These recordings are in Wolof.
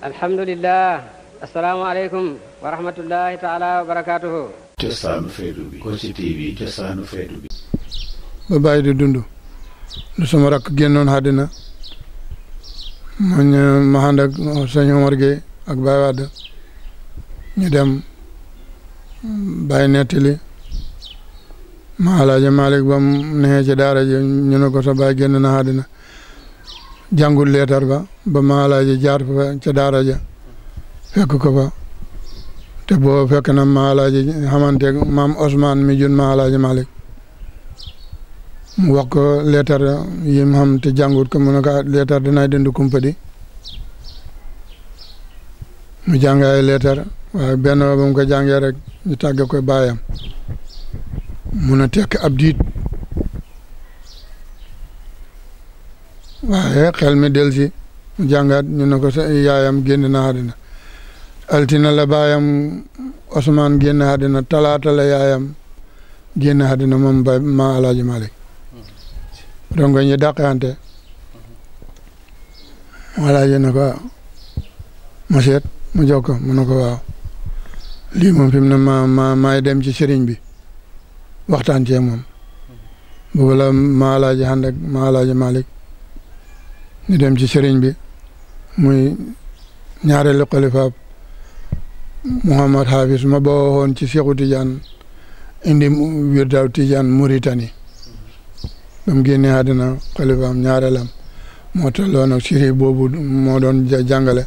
alhamdulilah asalaamaaleykum wa rahmatullahi taala wa barakaatuhu cosaanu feetu ba bàyyi di dund lu sama rakk génnoon àddina mañ ma ànd ak sëñ Omar Gueye ak Baye Wade ñu dem bàyyi nettali ma alaaji Malick ba mu daara ji ñu ko sa baay génn na jàngul leetar ba ba maalaaji jaar fa ca daara ja fekk ko fa te boo fekk na maalaaji xamante maam Ousmane mi jun maalaaji Malick mu wax ko leetar yi mu te jàngut ko mu ne ko ah, leetar dinaa dindi kumpa di mu jàngaay leetar waaye benn ba mu ko jàngee rek ñu tàgge ko baayam mun a tekk ab diit waaye xel mi mu jàngaat ñu ne ko sa yaayam génn na àddina altina la baayam Ousmane génn àddina talaata la yaayam génn àddina moom ba ma alaaji Malick donc ñu dàqante alaaji ne ko waaw ah, ma seet mu jox mu ne ko waaw lii moom fi mu ne ma ma dem ci sëriñ bi waxtaan cee moom boobu ma alaaji ànd ak ma alaaji Malick ñu dem ci sëriñ bi muy ñaareelu xalifaab Mouhamad Hafiz ma ba waxoon ci Seexu Tijaan indi wirdaaw Tijaan Mauritanie ba mu génnee àddina xalifaam lam moo tolloon ak siri boobu moo doon jàngale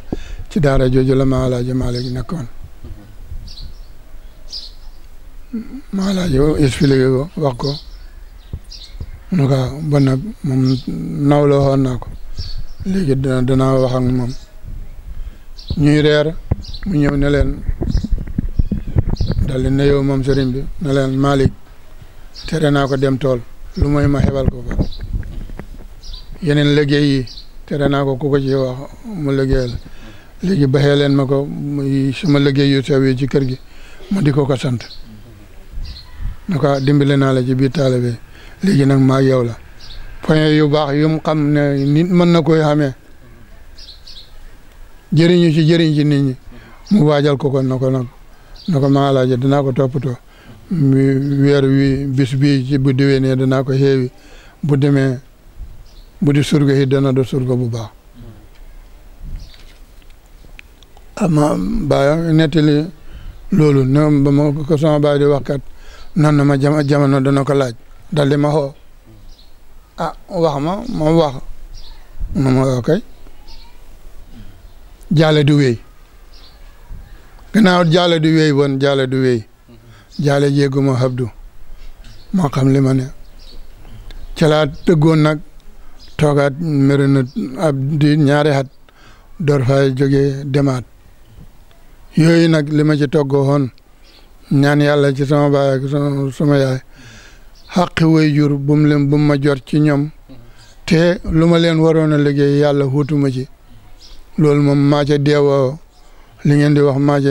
ci daara jooju la ma alaaji Maalik nekkoon ma alaaji expliqué ko ko mu ne ko ah, ba nag moom nawloo naa ko léegi dina danaa moom ñuy reer mu ñëw ne leen dal di ne moom sëriñ bi ne leen Malick tere naa ko dem tool lu mooy ma xebal ko yeneen liggéey yi tere naa ko ku ci wax mu liggéeyal léegi baxee leen ma ko muy suma liggéey yu sew yi ci kër gi ma di ko ko sant ne ko dimbale naa la ci biir taalibe léegi nag maa yow la point yu baax yum xam ne nit mën na koy xamee jëriñu ci jëriñ ci nit mu waajal ko ko nag na ko maa laaje dinaa ko toppatoo weer wi bis bii ci bu déwénee danaa ko xeewi bu demee bu di surga yi dana do bu baax ama baa nettali loolu ne ba ma ko sama baay di wax kat nan ma jamono dana ko laaj dal di ah wax ma moom wax ma ma wax kay jaale du wéy jale jaale du wéy woon jaale du wéy jaale jéeguma habdu moo xam li ma ne calaa dëggoon nag toogaat mere na ab di ñaari at door fay jógee demaat yooyu nag lima ma ci toggoo woon ñaan yàlla ci sama baay ak sama yaay xaqi waajur bu mu leen ma jot ci ñoom te lu ma leen waroon a liggéey yàlla xuutuma ci loolu moom maa ca deewa li ngeen di wax maa ca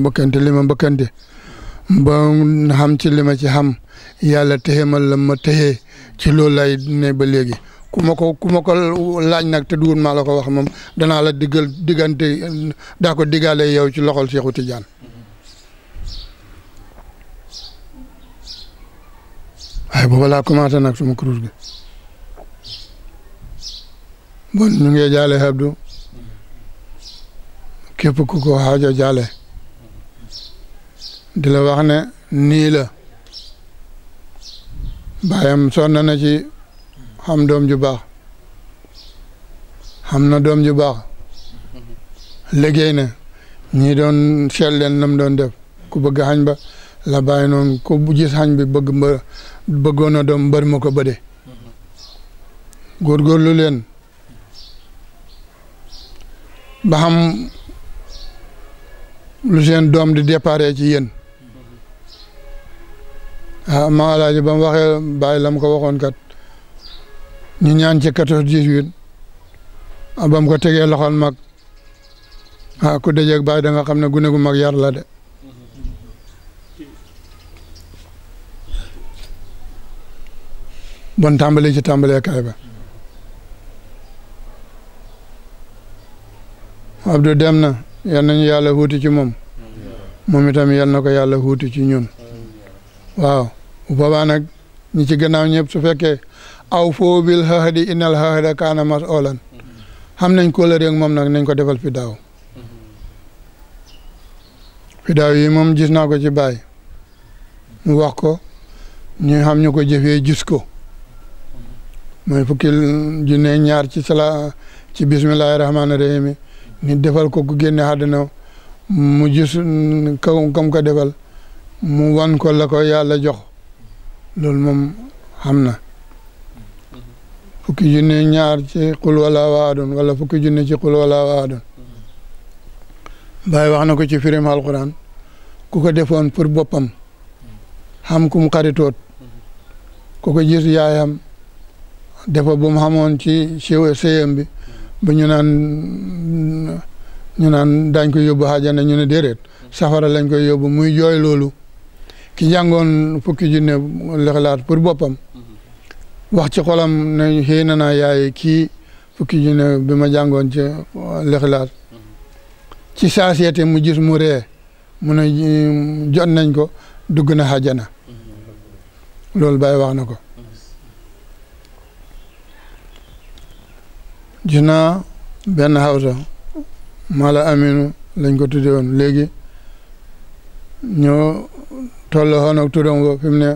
mbëkkante li ma mbëkkante ba xam ci li ma ci xam yàlla texe ma la ma texe ci loolu lay ne ba léegi ku ma ko ku ma ko laaj nag te dugun maa la ko wax moom danaa la diggal diggante daa ko diggaale yow ci loxol Seexu Tijaan waaye booba laa commencé nag suma kurus gi bon ñu ngi jaale Abdou képp ku ko xaajo jaale di la wax ne nii la baayam sonn na ci xam doom ju baax xam na doom ju baax liggéey na ñii doon seet leen nam doon def ku bëgg xañ ba la bàyyi noonu ku gis xañ bi bëgg mba bëggono na doom mako bëdé gor gor lu len ba xam lu seen dom di déparé ci yeen ah maa laaji ba mu waxee bàyyi la ko waxon kat ñu ñaan ci 14 18 huit ko tegee loxol mak ha ah, ku dëjeeg bay da nga xamné gune gu mak yar la dé bon tàmbali ci tàmbaleekaay ba Abdou dem na yal nañu yàlla huuti ci moom moom itam yal ko yàlla huuti ci ñun waaw bu nag ñi ci gannaaw ñëpp su fekkee aw foo bil inal xaxada kaana mas oolan xam nañ ko la moom nag nañ ko defal fi daaw fi yi moom gis naa ko ci baay mu wax ko ñu xam ñu ko jëfee gis ko mooy fukki junne ñaar ci sala ci bismillahi rahmaani rahim ni defal ko ku génne àddina mu gis kam kam ko defal mu wan ko la ko yàlla jox loolu moom xam na fukki junne ñaar ci xul wala waadun wala fukki junne ci xul wala waadun Baay wax na ko ci firim alquran ku ko defoon pour boppam xam kum xaritoot ku ko gis yaayam defa bu mu xamoon ci séyam bi ba ñu naan ñu naan daañ koy yóbbu xaajana ñu ne déedéet safara lañ koy yóbbu muy jooy loolu ki jàngoon fukki junne lexlaat pour boppam wax ci xolam ne xëy na naa yaay kii fukki junne bi ma jàngoon ci lexlaat ci saasiété mu gis mu ree mu ne jot nañ ko dugg na xaajana loolu bàyyi wax na ko jina benn xawsa mala aminu lañ ko tudde woon léegi ñoo tolloo xoon ak turam ko fi mu ne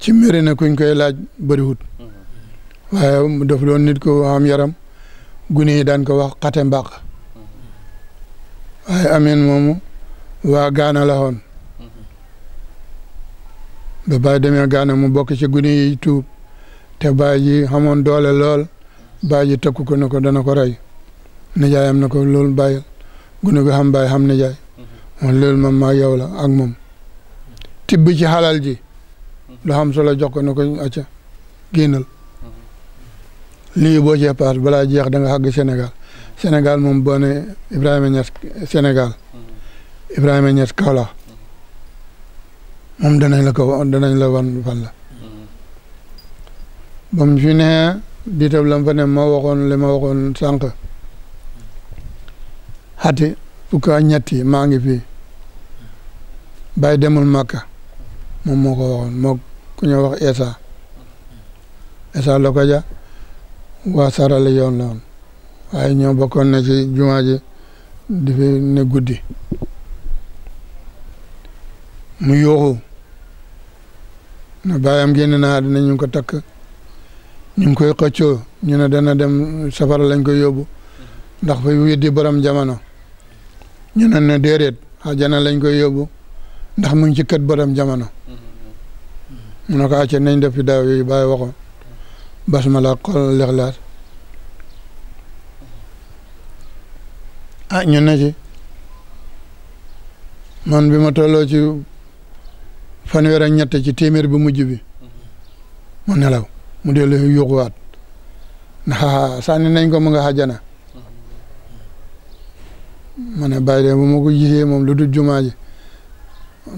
ci na kuñ koy laaj bëriwut waaye daf doon nit ko am yaram gune yi daan ko wax xate mbaq waaye amin moomu waa gaana la xoon ba bàyyi demee gaana mu bokk ci gune yi tuub te bàyyi ji xamoon doole lool bàyyi takku ko ne ko dana ko rey nijaayam na ko loolu bàyyil gune gu xam bàyyi xam nijaay mhm. moom loolu moom maa yow la ak moom tibb ci xalal ji mhm. lu xam solo jox ko ko acca génnal mhm. lii boo cee paas balaa jeex da nga xàgg senegal Sénégal moom boo ne Ibrahima Niass Sénégal moom danañ la ko danañ la wan fan la ba fi nee diitam lam fa ne ma waxoon li ma waxoon sànq xati fukk ak ñetti maa ngi fii bàyyi demul màkka moom moo ko waxoon moo ku ñuy wax Esa Esa Lokaja waa sarale yoon la woon waaye ñoo bokkoon na ci jumaa ji ne guddi mu yooxu na bàyyam génn na àddina ñu ngi ko ñu ngi koy xëccoo ñu ne dana dem safara lañ koy yóbbu ndax fa weddi borom jamono ñu ne ne déedéet àjjana lañ koy yóbbu ndax mu ngi ci kët borom jamono mu ne ko acce nañ def fi daaw yooyu bàyyi waxoon basmala xol lexlaas ah ñu ne ci man bi ma tolloo ci fanweer ak ñett ci téeméer bu mujj bi mu nelaw mu dee leen na ndax sànni nañ ko mu nga mana mané ne bàyyi de bu ma ko gisee moom lu dul jumaa ji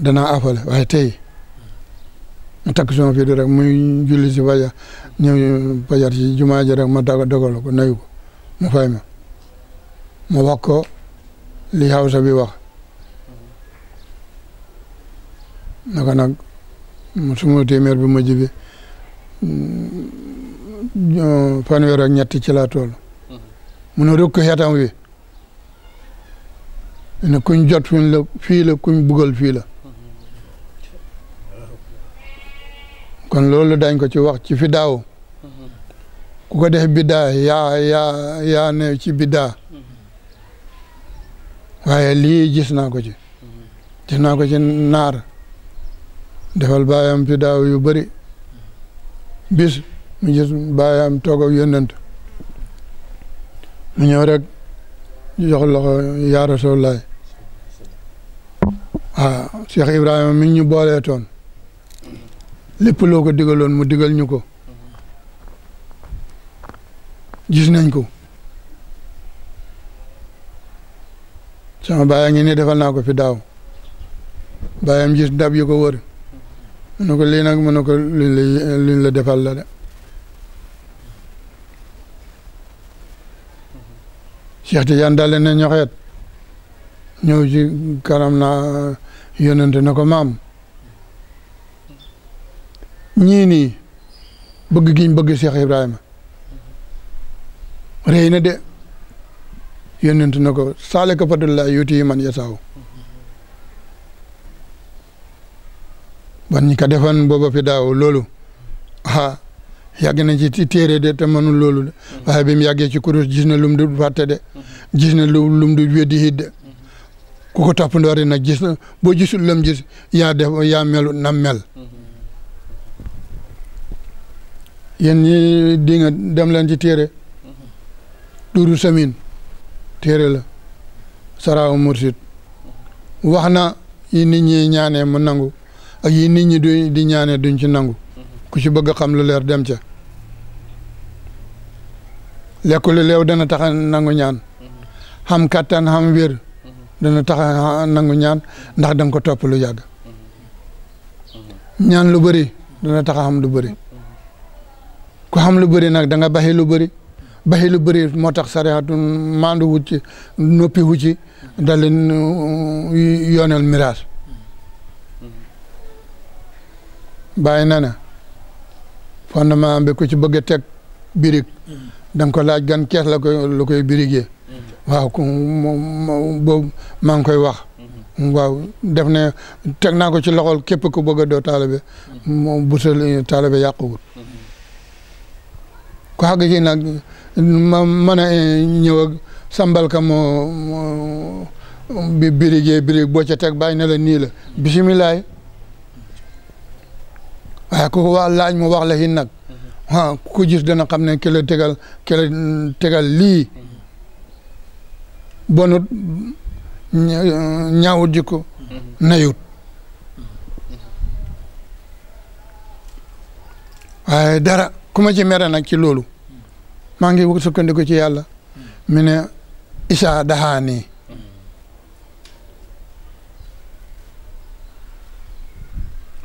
danaa afale waaye mu tak sama fi rek muy julli ci fajar ñew fajar ci jumaa rek ma dag dogal ko nayu ko mu fay ma wako li bi wax naka nak mu sumu témer bi ma Mm, fanweer ak ñetti ci laa toll mm-hmm. mu ne wi ne kuñ jot fi kuñ bugal fii la mm-hmm. kon loolu dañ ko ci wax ci fi daaw mm-hmm. ku ko def biddaa yaa yaa ne ci biddaa waaye lii gis naa ko ci gis naa ko ci naar defal baayam fi yu bëri bis mu gis baayam toog ak yónnent mu ñëw rek jox loxo yaa Rasulullaah ah Cheikh Ibrahima mi ñu boolee toon lépp loo ko digaloon mu digal ñu ko gis nañ ko sama baay a ngi ne defal naa ko fi daaw jis gis ndab yu ko mu ne ko lii nag mu ko luñ la la defal la de Cheikh Tidiane daal ne ñoxeet ñëw ci kanam naa yónnante na ko maam ñii nii bëgg giñ bëgg Cheikh Ibrahima rëy de yónnante na ko saale ko fadullah yuuti man yasaaw ban ñi ko defan booba fi daaw loolu ah yàgg nañ ci téere de te mënul loolu de mm-hmm. waaye bi mu yàggee ci kurus gis na lum du fàtte de mm-hmm. gis na lu lum du weddi mm-hmm. gis na boo gisul lam gis yaa def yaa melu na mel yéen ñi di dem leen ci téere duuru samin téere la saraaw mursid wax na yi nit ñi ñaane mu nangu ak yi nit ñi di ñaané duñ ci nangu mhm. ku ci bëgg xam lu leer dem ca lekk lu leew dana tax nangu ñaan mhm. xam katan ham wér mhm. dana tax nangu ñaan ndax dang ko top lu yàgg ñaan lu bëri dana tax ham xam lu bëri ku xam lu bëri nak da nga bahé lu bëri bahé lu bëri moo tax sariatu maandu wu ci wu ci bàyyi na ne fondement bi ku ci bëgg a teg birig mm. ko laaj gan kees la koy la koy birigee mm. waaw boobu maa ngi koy wax mm-hmm. waaw def ne teg naa ko ci loxol képp ku bëgg a doo taalibe moom mm-hmm. bu sal taalibe yàquwut mm-hmm. ko xàgg ci nag ma mën a ñëw sambal ka moo bi birigee birig boo ca teg bàyyi na la nii la bisimilaay waaye ku ko wax laaj mu wax la hin nag ah ku xam ne ki la tegal ki tegal lii bonut ñaawut jikko nayut waaye dara ku ma ci mere nag ci loolu maa ngi sukkandiku ci yàlla mi ne isaa daxaanii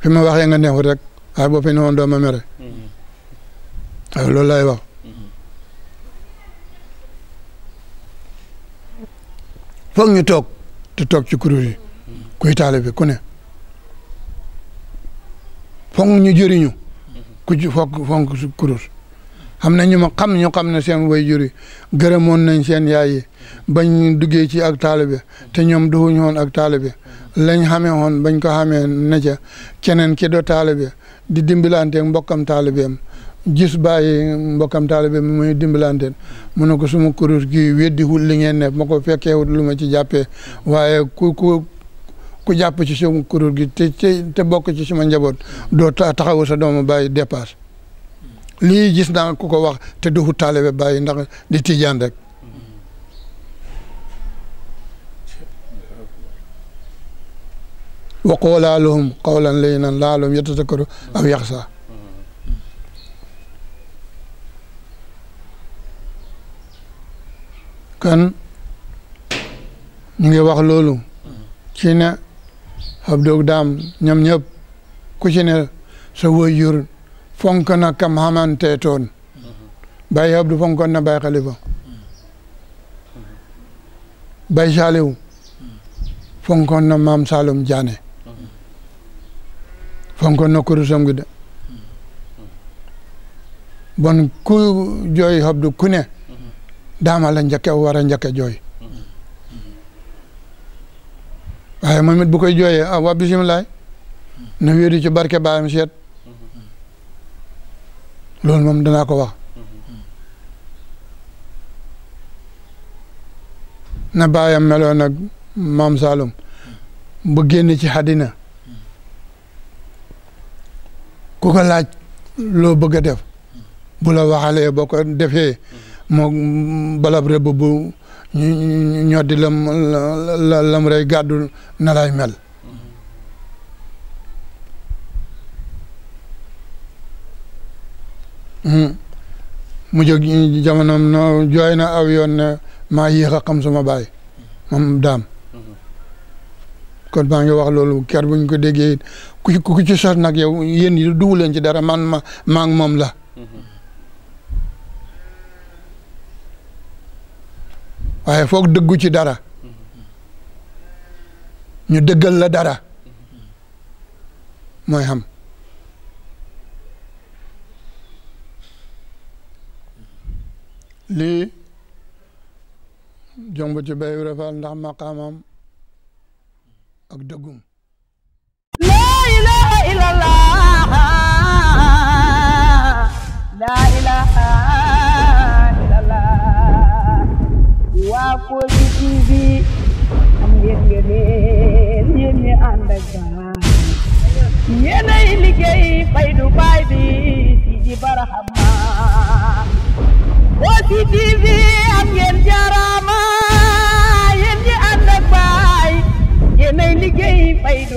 fi ma waxee nga neexut rek waaye boo fi ne woon ma mere waaw mm-hmm. loolu lay wax mm-hmm. foog ñu toog te toog ci kuréel yi mm-hmm. kuy taalibe ku ne foog ñu jëriñu ku ci foog foog ci kuréel xam na ñu ma xam ñu xam ne seen way juri gërëmoon nañ seen yaay yi bañ duggee ci ak taalibe te ñoom duñu woon ak taalibe lañ xamee woon bañ ko xamee ne ca keneen ki do taalibe di dimbilanteeg mbokkam taalibeem gis bàyyi mbokkam taalibe mi muy dimbalanteen mu ne ko suma kuréel gi weddi wul li ngeen ne ma ko fekkee wut lu ma ci jàppee waaye ku ku ku jàpp ci suma kuréel gi te te bokk ci suma njaboot doo taxawu sa doomu bàyyi dépasse lii gis naa ku ko wax te duxu taalibe bàyyi ndax di tijaan rek wa qoola lahum qawlan layyinan la'allahum yatazakkaruun aw yaxsaa kan ñu ngi wax loolu ci ne ab doog daam ñoom ñëpp ku ci sa waajur fonk na kam xamante toon Baye Abdou fonkoon na Baye Khalifa Baye Saliou fonkoon na maam Saloum Diané fonkoon na kurusam gi de bon ku jooy xob du ku la njëkk a war a njëkk jooy waaye moom it bu koy jooyee ah waa bisimilah na wéeru ci barke baayam seet loolu moom danaa ko wax na baayam meloon nag maam Saloum bu génn ci àddina ku ko laaj loo bëgg a def bu la waxalee boo ko defee mm-hmm. moo balab rëbb bu ñoddi lam la lam rey gàddu na mel mm-hmm. Mm-hmm. mu jóg jamono no jooy na aw yoon ne maa yéex a sama baay moom daam kon maa ngi wax loolu ker buñ ko déggé ku ci ku ci sax nak yow yéen yi dugg len ci dara man ma maa ngi moom la. waye fokk dëggu ci dara. ñu dëggal la dara moy xam li jombu ci bayu rafal ndax maqamam ak dëggum la ilaha illallah la ilaha illallah Wafolwi TV am ngeen ngeen yéen ñi ànd ak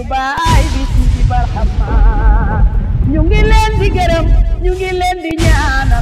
baay bi ci barxama ñu ngi leen di gërëm ñu leen di ñaan